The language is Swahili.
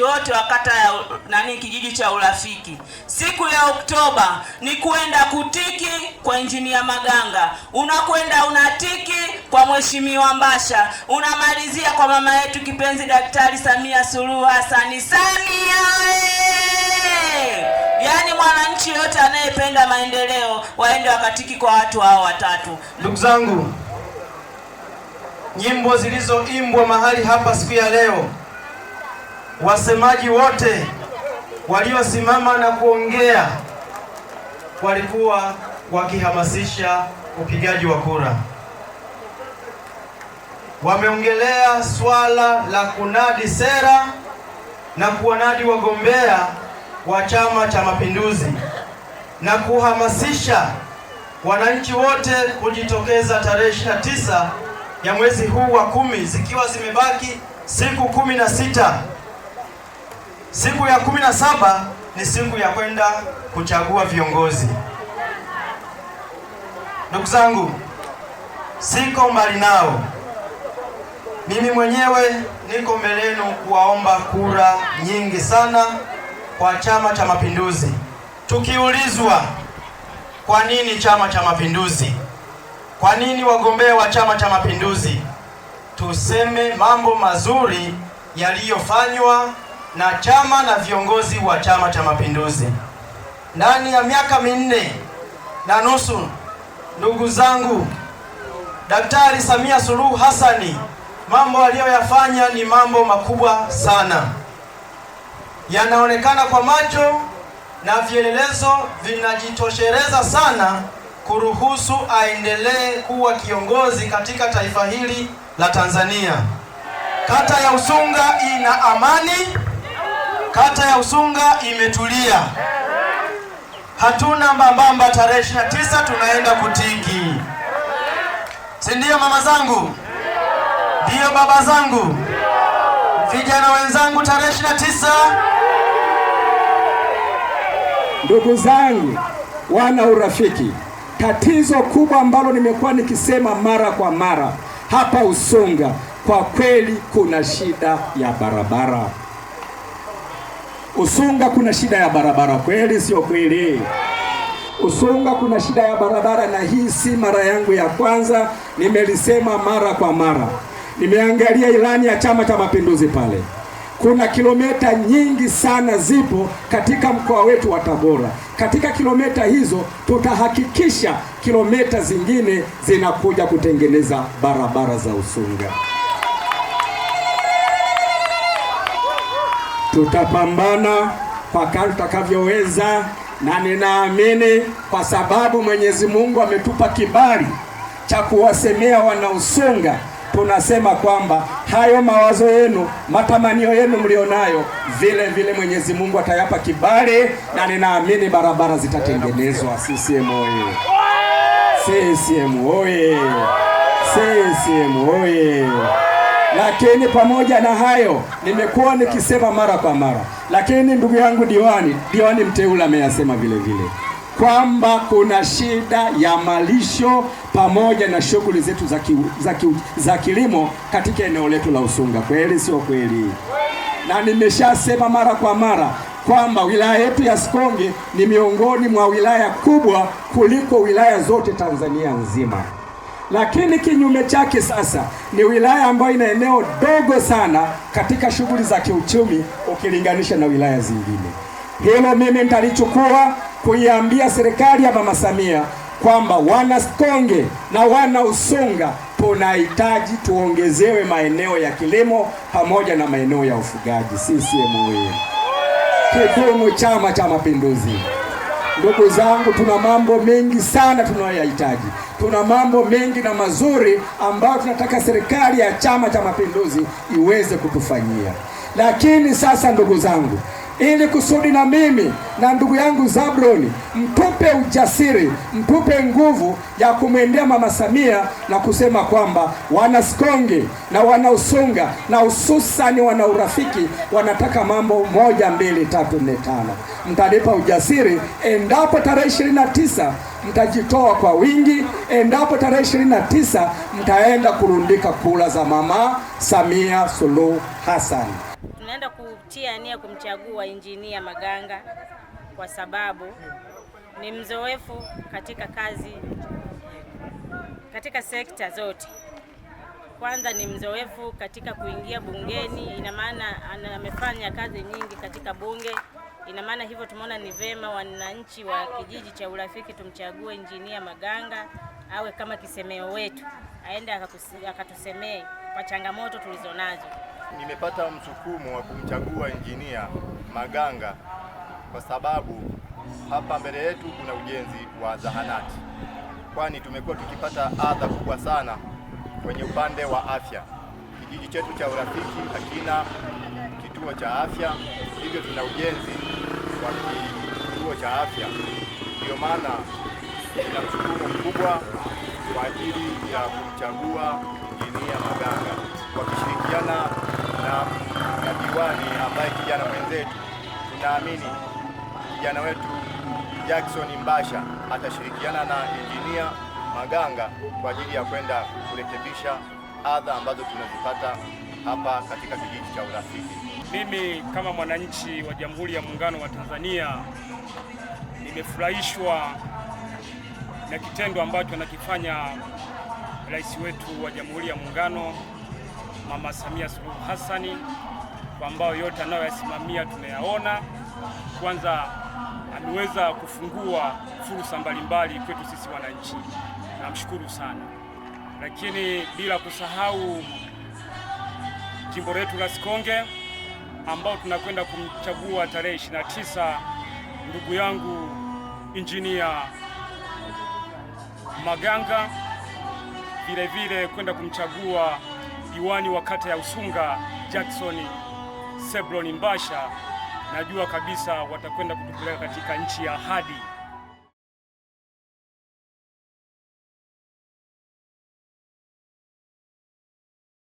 wananchi wote wa kata ya nani kijiji cha Urafiki siku ya Oktoba ni kwenda kutiki kwa injinia Maganga, unakwenda unatiki kwa mheshimiwa Mbasha, unamalizia kwa mama yetu kipenzi Daktari Samia Suluhu Hassan. Samia yaani mwananchi yote anayependa maendeleo waende wakatiki kwa watu hao watatu. Ndugu zangu, nyimbo zilizoimbwa mahali hapa siku ya leo wasemaji wote waliosimama na kuongea walikuwa wakihamasisha upigaji wa kura. Wameongelea swala la kunadi sera na kuwanadi wagombea wa Chama cha Mapinduzi na kuhamasisha wananchi wote kujitokeza tarehe tisa ya mwezi huu wa kumi, zikiwa zimebaki siku kumi na sita. Siku ya kumi na saba ni siku ya kwenda kuchagua viongozi. Ndugu zangu, siko mbali nao, mimi mwenyewe niko mbele yenu kuwaomba kura nyingi sana kwa Chama cha Mapinduzi. Tukiulizwa kwa nini Chama cha Mapinduzi, kwa nini wagombea wa Chama cha Mapinduzi, tuseme mambo mazuri yaliyofanywa na chama na viongozi wa Chama cha Mapinduzi. Ndani ya miaka minne na nusu, ndugu zangu, Daktari Samia Suluhu hasani mambo aliyoyafanya ni mambo makubwa sana, yanaonekana kwa macho na vielelezo vinajitosheleza sana kuruhusu aendelee kuwa kiongozi katika taifa hili la Tanzania. Kata ya Usunga ina amani. Kata ya Usunga imetulia, hatuna mbambamba. Tarehe ishirini na tisa tunaenda Kutiki, si ndio? Mama zangu ndio baba zangu, vijana wenzangu, tarehe ishirini na tisa ndugu zangu, wana Urafiki, tatizo kubwa ambalo nimekuwa nikisema mara kwa mara hapa Usunga, kwa kweli kuna shida ya barabara. Usunga kuna shida ya barabara kweli, sio kweli? Usunga kuna shida ya barabara, na hii si mara yangu ya kwanza, nimelisema mara kwa mara. Nimeangalia ilani ya Chama cha Mapinduzi pale kuna kilomita nyingi sana zipo katika mkoa wetu wa Tabora. Katika kilomita hizo tutahakikisha kilomita zingine zinakuja kutengeneza barabara za Usunga. tutapambana kwa kadri tutakavyoweza, na ninaamini kwa sababu Mwenyezi Mungu ametupa kibali cha kuwasemea wanausunga tunasema kwamba hayo mawazo yenu, matamanio yenu mlionayo, vile vile Mwenyezi Mungu atayapa kibali, na ninaamini barabara zitatengenezwa. CCM oye! CCM oye! CCM oye! Lakini pamoja na hayo, nimekuwa nikisema mara kwa mara, lakini ndugu yangu diwani, diwani mteule ameyasema vile vile kwamba kuna shida ya malisho pamoja na shughuli zetu za, ki, za, ki, za kilimo katika eneo letu la Usunga. Kweli sio kweli? Na nimeshasema mara kwa mara kwamba wilaya yetu ya Sikonge ni miongoni mwa wilaya kubwa kuliko wilaya zote Tanzania nzima. Lakini kinyume chake sasa ni wilaya ambayo ina eneo dogo sana katika shughuli za kiuchumi ukilinganisha na wilaya zingine. Hilo mimi nitalichukua kuiambia serikali ya Mama Samia kwamba wana Sikonge na wana Usunga tunahitaji tuongezewe maeneo ya kilimo pamoja na maeneo ya ufugaji. CCM oyee! Kidumu Chama cha Mapinduzi! Ndugu zangu, tuna mambo mengi sana tunayoyahitaji, tuna mambo mengi na mazuri ambayo tunataka serikali ya Chama cha Mapinduzi iweze kutufanyia. Lakini sasa, ndugu zangu ili kusudi na mimi na ndugu yangu Zabloni mtupe ujasiri, mtupe nguvu ya kumwendea Mama Samia na kusema kwamba Wanaskonge na Usunga na hususani wana urafiki wanataka mambo moja, mbili, tatu, nne, tano. Mtanipa ujasiri endapo tarehe ishirini na tisa mtajitoa kwa wingi, endapo tarehe ishirini na tisa mtaenda kurundika kula za Mama Samia Suluhu Hassan tunaenda kutia nia kumchagua Injinia Maganga kwa sababu ni mzoefu katika kazi katika sekta zote. Kwanza ni mzoefu katika kuingia bungeni, ina maana amefanya kazi nyingi katika bunge. Ina maana hivyo, tumeona ni vema wananchi wa kijiji cha Urafiki tumchague Injinia Maganga awe kama kisemeo wetu, aende akatusemee kwa changamoto tulizonazo nimepata msukumo wa kumchagua injinia Maganga kwa sababu hapa mbele yetu kuna ujenzi wa zahanati, kwani tumekuwa tukipata adha kubwa sana kwenye upande wa afya. Kijiji chetu cha Urafiki hakina kituo cha afya, hivyo tuna ujenzi wa kituo cha afya. Ndiyo maana ina msukumo mkubwa kwa ajili ya kumchagua injinia Maganga kwa kushirikiana na, na diwani ambaye kijana mwenzetu, tunaamini kijana wetu Jackson Mbasha atashirikiana na injinia Maganga kwa ajili ya kwenda kurekebisha adha ambazo tunazipata hapa katika kijiji cha Urafiki. Mimi kama mwananchi wa Jamhuri ya Muungano wa Tanzania nimefurahishwa na kitendo ambacho anakifanya rais wetu wa Jamhuri ya Muungano Mama Samia Suluhu Hassani kwa ambayo yote anayoyasimamia tunayaona. Kwanza ameweza kufungua fursa mbalimbali kwetu sisi wananchi, namshukuru sana, lakini bila kusahau jimbo letu la Sikonge ambao tunakwenda kumchagua tarehe 29 ndugu yangu injinia Maganga, vile vile kwenda kumchagua diwani wa kata ya Usunga Jackson Sebron Mbasha, najua kabisa watakwenda kutupeleka katika nchi ya ahadi.